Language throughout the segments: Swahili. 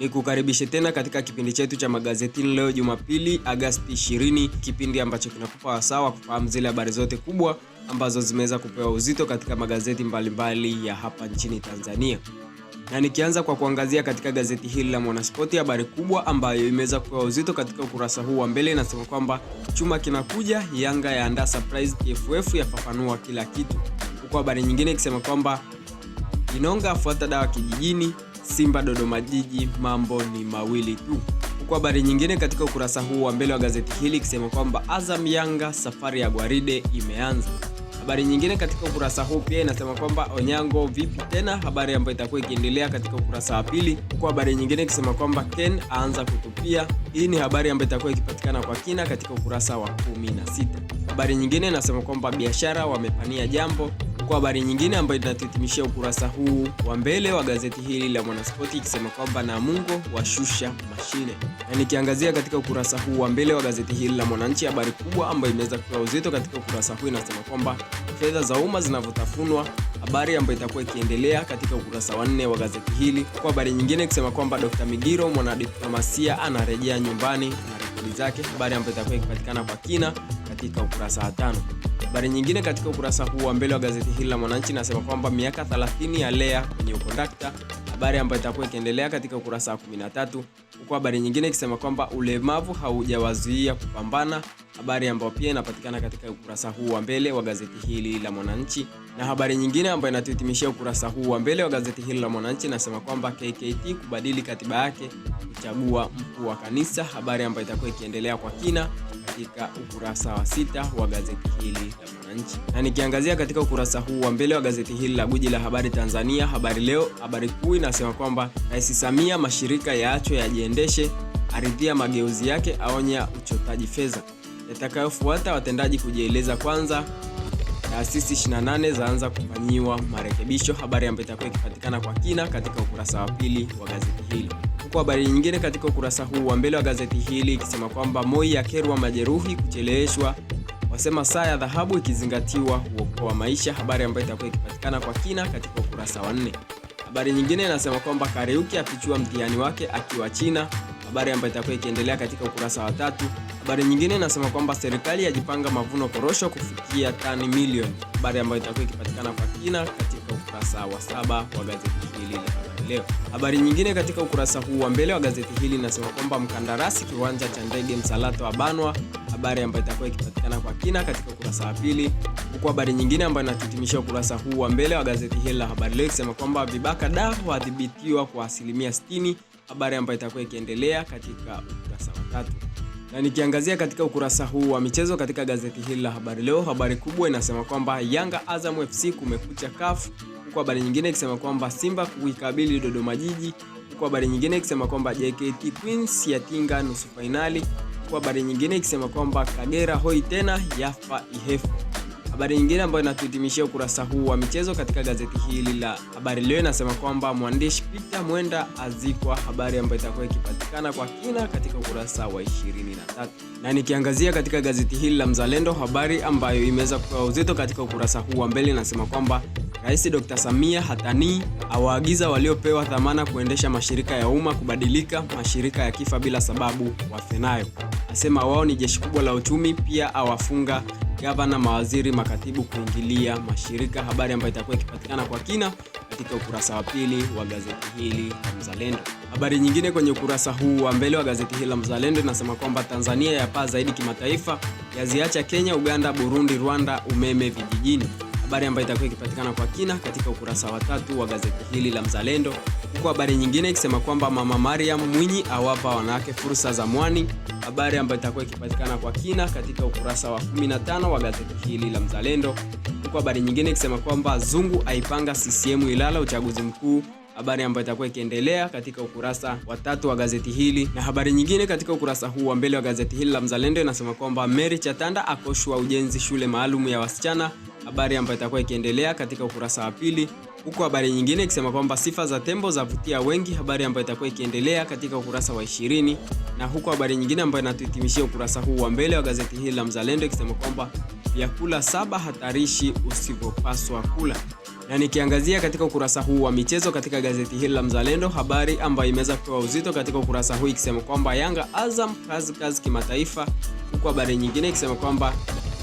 ni kukaribishe tena katika kipindi chetu cha magazetini leo Jumapili Agasti 20, kipindi ambacho kinakupa wasawa kufahamu zile habari zote kubwa ambazo zimeweza kupewa uzito katika magazeti mbalimbali mbali ya hapa nchini Tanzania. Na nikianza kwa kuangazia katika gazeti hili la Mwanaspoti, habari kubwa ambayo imeweza kupewa uzito katika ukurasa huu wa mbele inasema kwamba chuma kinakuja, Yanga yaandaa surprise, TFF yafafanua kila kitu, huku habari nyingine ikisema kwamba Inonga afuata dawa kijijini Simba Dodoma Jiji, mambo ni mawili tu. kwa habari nyingine katika ukurasa huu wa mbele wa gazeti hili ikisema kwamba Azam Yanga, safari ya gwaride imeanza. Habari nyingine katika ukurasa huu pia inasema kwamba Onyango vipi tena, habari ambayo itakuwa ikiendelea katika ukurasa wa pili, huku habari nyingine ikisema kwamba Ken aanza kutupia. Hii ni habari ambayo itakuwa ikipatikana kwa kina katika ukurasa wa 16. Habari nyingine inasema kwamba biashara wamepania jambo kwa habari nyingine ambayo itatuhitimishia ukurasa huu wa mbele wa gazeti hili la Mwanaspoti ikisema kwamba Namungo washusha mashine, na nikiangazia katika ukurasa huu wa mbele wa gazeti hili la Mwananchi, habari kubwa ambayo imeweza kupewa uzito katika ukurasa huu inasema kwamba fedha za umma zinavyotafunwa, habari ambayo itakuwa ikiendelea katika ukurasa wa nne wa gazeti hili, kwa habari nyingine ikisema kwamba Dr. Migiro mwanadiplomasia anarejea nyumbani na rekodi zake, habari ambayo itakuwa ikipatikana kwa kina katika ukurasa wa tano. Habari nyingine katika ukurasa huu wa mbele wa gazeti hili la Mwananchi nasema kwamba miaka 30 ya Lea kwenye ukondakta, habari ambayo itakuwa ikiendelea katika ukurasa wa 13, huku habari nyingine ikisema kwamba ulemavu haujawazuia kupambana, habari ambayo pia inapatikana katika ukurasa huu wa mbele wa gazeti hili la Mwananchi. Na habari nyingine ambayo inatuhitimishia ukurasa huu wa mbele wa gazeti hili la Mwananchi nasema kwamba KKT kubadili katiba yake kuchagua mkuu wa kanisa, habari ambayo itakuwa ikiendelea kwa kina katika ukurasa wa sita wa gazeti hili la Mwananchi, na nikiangazia katika ukurasa huu wa mbele wa gazeti hili la guji la habari Tanzania, Habari Leo, habari kuu inasema kwamba Rais Samia, mashirika yaachwe yajiendeshe, aridhia mageuzi yake, aonya uchotaji fedha, yatakayofuata watendaji kujieleza kwanza taasisi 28 zaanza kufanyiwa marekebisho. Habari ambayo itakuwa ikipatikana kwa kina katika ukurasa wa pili wa gazeti hili kwa habari nyingine katika ukurasa huu wa mbele wa gazeti hili ikisema kwamba Moi akerwa majeruhi kucheleweshwa, wasema saa ya dhahabu ikizingatiwa huokoa maisha, habari ambayo itakuwa ikipatikana kwa kina katika ukurasa wa nne. Habari nyingine inasema kwamba Kariuki afichua mtihani wake akiwa China, habari ambayo itakuwa ikiendelea katika ukurasa wa tatu. Habari nyingine inasema kwamba serikali yajipanga mavuno korosho kufikia tani milioni, habari ambayo itakuwa ikipatikana kwa kina katika ukurasa wa saba wa gazeti hili leo. Habari nyingine katika ukurasa huu wa mbele wa gazeti hili inasema kwamba mkandarasi kiwanja cha ndege Msalato abanwa, habari ambayo itakuwa ikipatikana kwa kina katika ukurasa wa pili, huku habari nyingine ambayo inatutimisha ukurasa huu wa mbele wa gazeti hili la Habari Leo ikisema kwamba vibaka da wadhibitiwa kwa asilimia 60, habari ambayo itakuwa ikiendelea katika ukurasa wa tatu na nikiangazia katika ukurasa huu wa michezo katika gazeti hili la Habari Leo, habari kubwa inasema kwamba Yanga Azam FC kumekucha kafu huku habari nyingine ikisema kwamba Simba kuikabili Dodoma Jiji, huku habari nyingine ikisema kwamba JKT Queens yatinga nusu fainali, huku habari nyingine ikisema kwamba Kagera hoi tena yafa Ihefu. Habari nyingine ambayo inatuhitimishia ukurasa huu wa michezo katika gazeti hili la Habari Leo inasema kwamba mwandishi Peter Mwenda azikwa, habari ambayo itakuwa ikipatikana kwa kina katika ukurasa wa 23. Na nikiangazia katika gazeti hili la Mzalendo, habari ambayo imeweza kupewa uzito katika ukurasa huu wa mbele inasema kwamba Rais Dr. Samia hatani awaagiza waliopewa dhamana kuendesha mashirika ya umma kubadilika, mashirika ya kifa bila sababu wafenayo. Asema wao ni jeshi kubwa la uchumi, pia awafunga gavana, mawaziri, makatibu kuingilia mashirika. Habari ambayo itakuwa ikipatikana kwa kina katika ukurasa wa pili wa gazeti hili la Mzalendo. Habari nyingine kwenye ukurasa huu wa mbele wa gazeti hili la Mzalendo inasema kwamba Tanzania yapaa zaidi kimataifa, yaziacha Kenya, Uganda, Burundi, Rwanda umeme vijijini. Habari ambayo itakuwa ikipatikana kwa kina katika ukurasa wa tatu wa gazeti hili la Mzalendo, huku habari nyingine ikisema kwamba Mama Mariam Mwinyi awapa wanawake fursa za mwani habari ambayo itakuwa ikipatikana kwa kina katika ukurasa wa 15 wa gazeti hili la Mzalendo, huku habari nyingine ikisema kwamba Zungu aipanga CCM Ilala uchaguzi mkuu habari ambayo itakuwa ikiendelea katika ukurasa wa tatu wa gazeti hili. Na habari nyingine katika ukurasa huu wa mbele wa gazeti hili la Mzalendo inasema kwamba Mary Chatanda akoshwa ujenzi shule maalum ya wasichana, habari ambayo itakuwa ikiendelea katika ukurasa wa pili, huko habari nyingine ikisema kwamba sifa za tembo zavutia wengi, habari ambayo itakuwa ikiendelea katika ukurasa wa 20 na huko habari nyingine ambayo inatuhitimishia ukurasa huu wa mbele wa gazeti hili la Mzalendo ikisema kwamba vyakula saba hatarishi usivyopaswa kula na nikiangazia katika ukurasa huu wa michezo katika gazeti hili la Mzalendo, habari ambayo imeweza kupewa uzito katika ukurasa huu ikisema kwamba Yanga Azam kazi kazi kimataifa, huku habari nyingine ikisema kwamba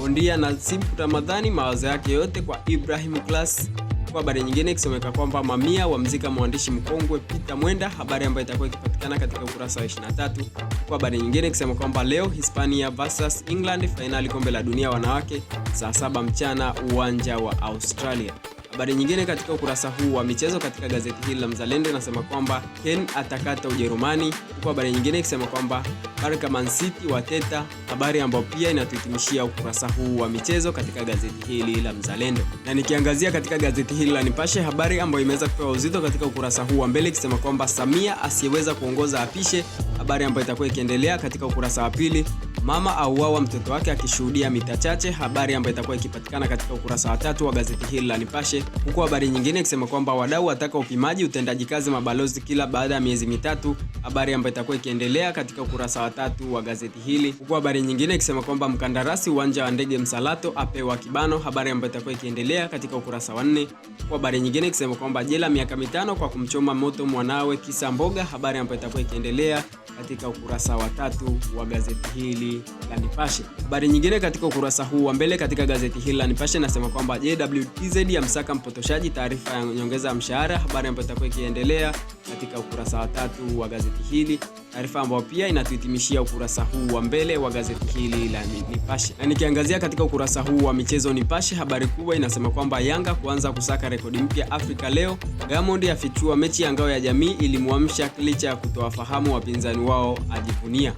bondia Nasib Ramadhani mawazo yake yote kwa Ibrahim Class kwa habari nyingine ikisomeka kwamba mamia wamzika mwandishi mkongwe Peter Mwenda, habari ambayo itakuwa ikipatikana katika ukurasa wa 23, kwa habari nyingine ikisema kwamba leo Hispania versus England fainali kombe la dunia wanawake saa saba mchana uwanja wa Australia. Habari nyingine katika ukurasa huu wa michezo katika gazeti hili la Mzalendo inasema kwamba Ken atakata Ujerumani, huku habari nyingine ikisema kwamba Barca Man City wateta, habari ambayo pia inatuhitimishia ukurasa huu wa michezo katika gazeti hili la Mzalendo. Na nikiangazia katika gazeti hili la Nipashe, habari ambayo imeweza kupewa uzito katika ukurasa huu wa mbele ikisema kwamba Samia asiyeweza kuongoza apishe habari ambayo itakuwa ikiendelea katika ukurasa wa pili. Mama auawa mtoto wake akishuhudia mita chache, habari ambayo itakuwa ikipatikana katika ukurasa wa tatu wa gazeti hili la Nipashe, huku habari nyingine ikisema kwamba wadau wataka upimaji utendaji kazi mabalozi kila baada ya miezi mitatu, habari ambayo itakuwa ikiendelea katika ukurasa wa tatu wa gazeti hili, huku habari nyingine ikisema kwamba mkandarasi uwanja wa ndege Msalato apewa kibano, habari ambayo itakuwa ikiendelea katika ukurasa wa nne, huku habari nyingine ikisema kwamba jela miaka mitano kwa kumchoma moto mwanawe kisa mboga, habari ambayo itakuwa ikiendelea katika ukurasa wa tatu wa gazeti hili la Nipashe. Habari nyingine katika ukurasa huu wa mbele katika gazeti hili la Nipashe nasema kwamba JWTZ ya msaka mpotoshaji taarifa ya nyongeza ya mshahara, habari ambayo itakuwa ikiendelea katika ukurasa wa tatu wa gazeti gazeti hili, taarifa ambayo pia inatuhitimishia ukurasa huu wa mbele wa gazeti hili la Nipashe. Na nikiangazia katika ukurasa huu wa michezo Nipashe, habari kubwa inasema kwamba Yanga kuanza kusaka rekodi mpya Afrika leo, Diamond afichua mechi ya ngao ya jamii ilimwamsha licha ya kutowafahamu wapinzani wao, ajivunia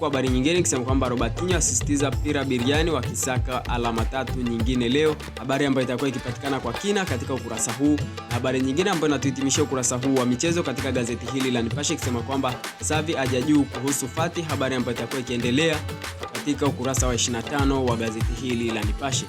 kwa habari nyingine ikisema kwamba Robertinho asisitiza mpira biriani wakisaka alama tatu nyingine leo, habari ambayo itakuwa ikipatikana kwa kina katika ukurasa huu, na habari nyingine ambayo inatuhitimishia ukurasa huu wa michezo katika gazeti hili la Nipashe ikisema kwamba Savi ajajuu kuhusu Fati, habari ambayo itakuwa ikiendelea katika ukurasa wa 25 wa gazeti hili la Nipashe.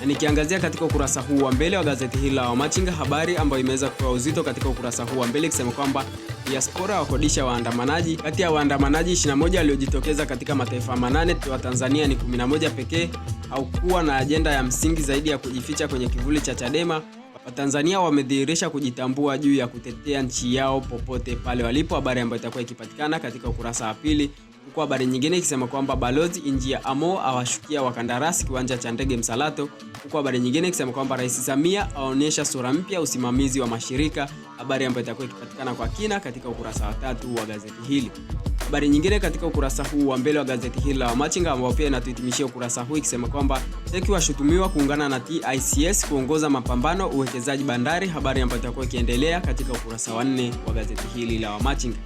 Na nikiangazia katika ukurasa huu wa mbele wa gazeti hili la Wamachinga, habari ambayo imeweza kupewa uzito katika ukurasa huu wa mbele ikisema kwamba diaspora wakodisha waandamanaji. Kati ya waandamanaji 21 waliojitokeza katika mataifa manane, wa Tanzania ni 11 pekee. Haukuwa na ajenda ya msingi zaidi ya kujificha kwenye kivuli cha Chadema. Watanzania wamedhihirisha kujitambua juu ya kutetea nchi yao popote pale walipo, habari ambayo itakuwa ikipatikana katika ukurasa wa pili kwa habari nyingine ikisema kwamba balozi Injia Amo awashukia wakandarasi kiwanja cha ndege Msalato, huku habari nyingine ikisema kwamba Rais Samia aonyesha sura mpya usimamizi wa mashirika, habari ambayo itakuwa ikipatikana kwa kina katika ukurasa wa tatu wa gazeti hili. Habari nyingine katika ukurasa huu wa mbele wa gazeti hili la Wamachinga ambao pia inatuhitimishia ukurasa huu ikisema kwamba teki washutumiwa kuungana na TICS kuongoza mapambano uwekezaji bandari, habari ambayo itakuwa ikiendelea katika ukurasa wa nne wa gazeti hili la Wamachinga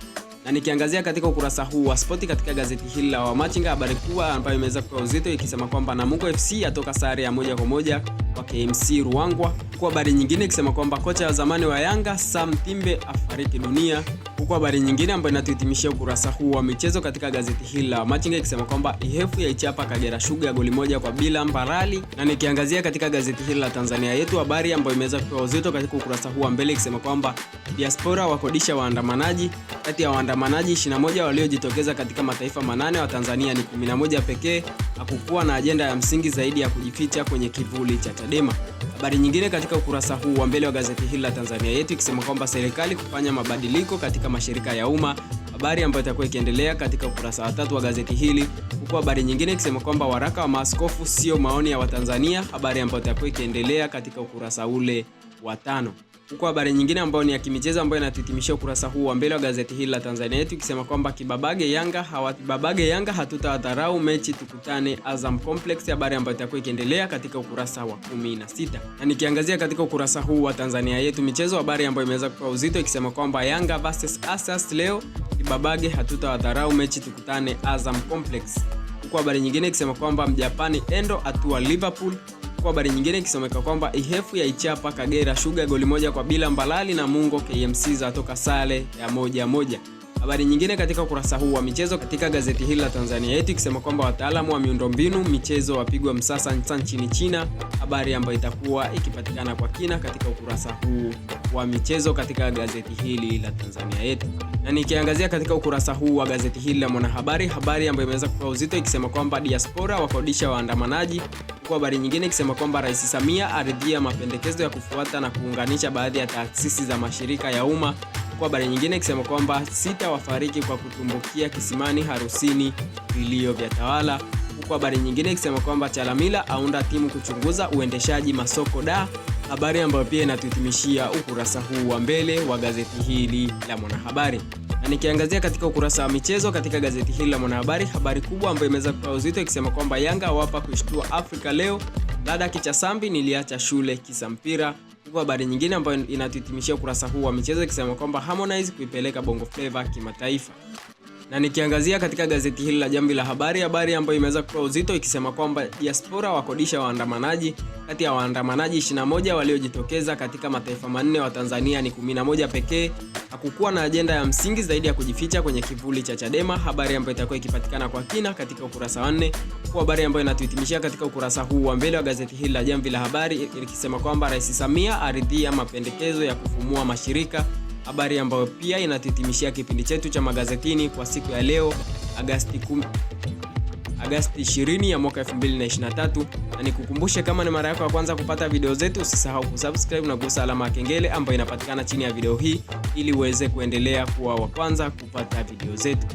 na nikiangazia katika ukurasa huu wa spoti katika gazeti hili la Wamachinga, habari kubwa ambayo imeweza kupewa uzito ikisema kwamba namuko FC atoka sare ya moja kwa moja kwa KMC Ruangwa, kwa habari nyingine ikisema kwamba kocha wa zamani wa Yanga Sam Timbe afariki dunia huku habari nyingine ambayo inatuhitimishia ukurasa huu wa michezo katika gazeti hili la Machinga ikisema kwamba Ihefu yaichapa Kagera Sugar goli moja kwa bila Mbarali, na nikiangazia katika gazeti hili la Tanzania yetu habari ambayo imeweza kupewa uzito katika ukurasa huu wa mbele ikisema kwamba diaspora wakodisha waandamanaji. Kati ya waandamanaji 21 waliojitokeza katika mataifa manane wa Tanzania ni 11 pekee. Hakukuwa na ajenda ya msingi zaidi ya kujificha kwenye kivuli cha Chadema. Habari nyingine katika ukurasa huu wa mbele wa gazeti hili la Tanzania yetu ikisema kwamba serikali kufanya mabadiliko katika katika mashirika ya umma, habari ambayo itakuwa ikiendelea katika ukurasa wa tatu wa gazeti hili, huku habari nyingine ikisema kwamba waraka wa maaskofu sio maoni ya Watanzania, habari ambayo itakuwa ikiendelea katika ukurasa ule wa tano huko habari nyingine ambayo ni ya kimichezo ambayo inatuhitimishia ukurasa huu wa mbele wa gazeti hili la Tanzania yetu ikisema kwamba kibabage Yanga hawababage Yanga hatutawadharau mechi tukutane Azam Complex, habari ambayo itakuwa ikiendelea katika ukurasa wa 16. Na nikiangazia katika ukurasa huu wa Tanzania yetu michezo, habari ambayo imeweza kupewa uzito ikisema kwamba Yanga versus Asas leo, kibabage hatutawadharau mechi tukutane Azam Complex, huko habari nyingine ikisema kwamba mjapani Endo atua Liverpool kwa habari nyingine ikisomeka kwamba Ihefu yaichapa Kagera Sugar goli moja kwa bila, Mbalali na Mungo KMC zatoka sale ya moja moja. Habari nyingine katika ukurasa huu wa michezo katika gazeti hili la Tanzania Yetu ikisema kwamba wataalamu wa miundombinu michezo wapigwa msasa nchini China, habari ambayo itakuwa ikipatikana kwa kina katika ukurasa huu wa michezo katika gazeti hili la Tanzania Yetu. Na nikiangazia katika ukurasa huu wa gazeti hili la Mwanahabari, habari ambayo imeweza kupewa uzito ikisema kwamba diaspora wakodisha waandamanaji Huku habari nyingine ikisema kwamba Rais Samia aridhia mapendekezo ya kufuata na kuunganisha baadhi ya taasisi za mashirika ya umma. Huku habari nyingine ikisema kwamba sita wafariki kwa kutumbukia kisimani harusini vilio vya tawala. Huku habari nyingine ikisema kwamba Chalamila aunda timu kuchunguza uendeshaji masoko da habari ambayo pia inatuhitimishia ukurasa huu wa mbele wa gazeti hili la Mwanahabari. Na nikiangazia katika ukurasa wa michezo katika gazeti hili la Mwanahabari, habari kubwa ambayo imeweza kupewa uzito ikisema kwamba Yanga wapa kushtua Afrika leo, dada kicha sambi niliacha shule kisa mpira huko. Habari nyingine ambayo inatuhitimishia ukurasa huu wa michezo ikisema kwamba Harmonize kuipeleka Bongo Flava kimataifa. Na nikiangazia katika gazeti hili la Jamvi la Habari, habari ambayo imeweza kupewa uzito ikisema kwamba diaspora wakodisha waandamanaji. Kati ya waandamanaji 21 waliojitokeza katika mataifa manne, wa Tanzania ni 11 pekee. Hakukuwa na ajenda ya msingi zaidi ya kujificha kwenye kivuli cha Chadema, habari ambayo itakuwa ikipatikana kwa kina katika ukurasa wa nne, huku habari ambayo inatuhitimishia katika ukurasa huu wa mbele wa gazeti hili la Jamvi la Habari ikisema kwamba Rais Samia aridhia mapendekezo ya kufumua mashirika habari ambayo pia inatitimishia kipindi chetu cha magazetini kwa siku ya leo Agasti 10 Agasti 20 ya mwaka 2023, na nikukumbushe, kama ni mara yako ya kwanza kupata video zetu, usisahau kusubscribe na kugusa alama ya kengele ambayo inapatikana chini ya video hii ili uweze kuendelea kuwa wa kwanza kupata video zetu.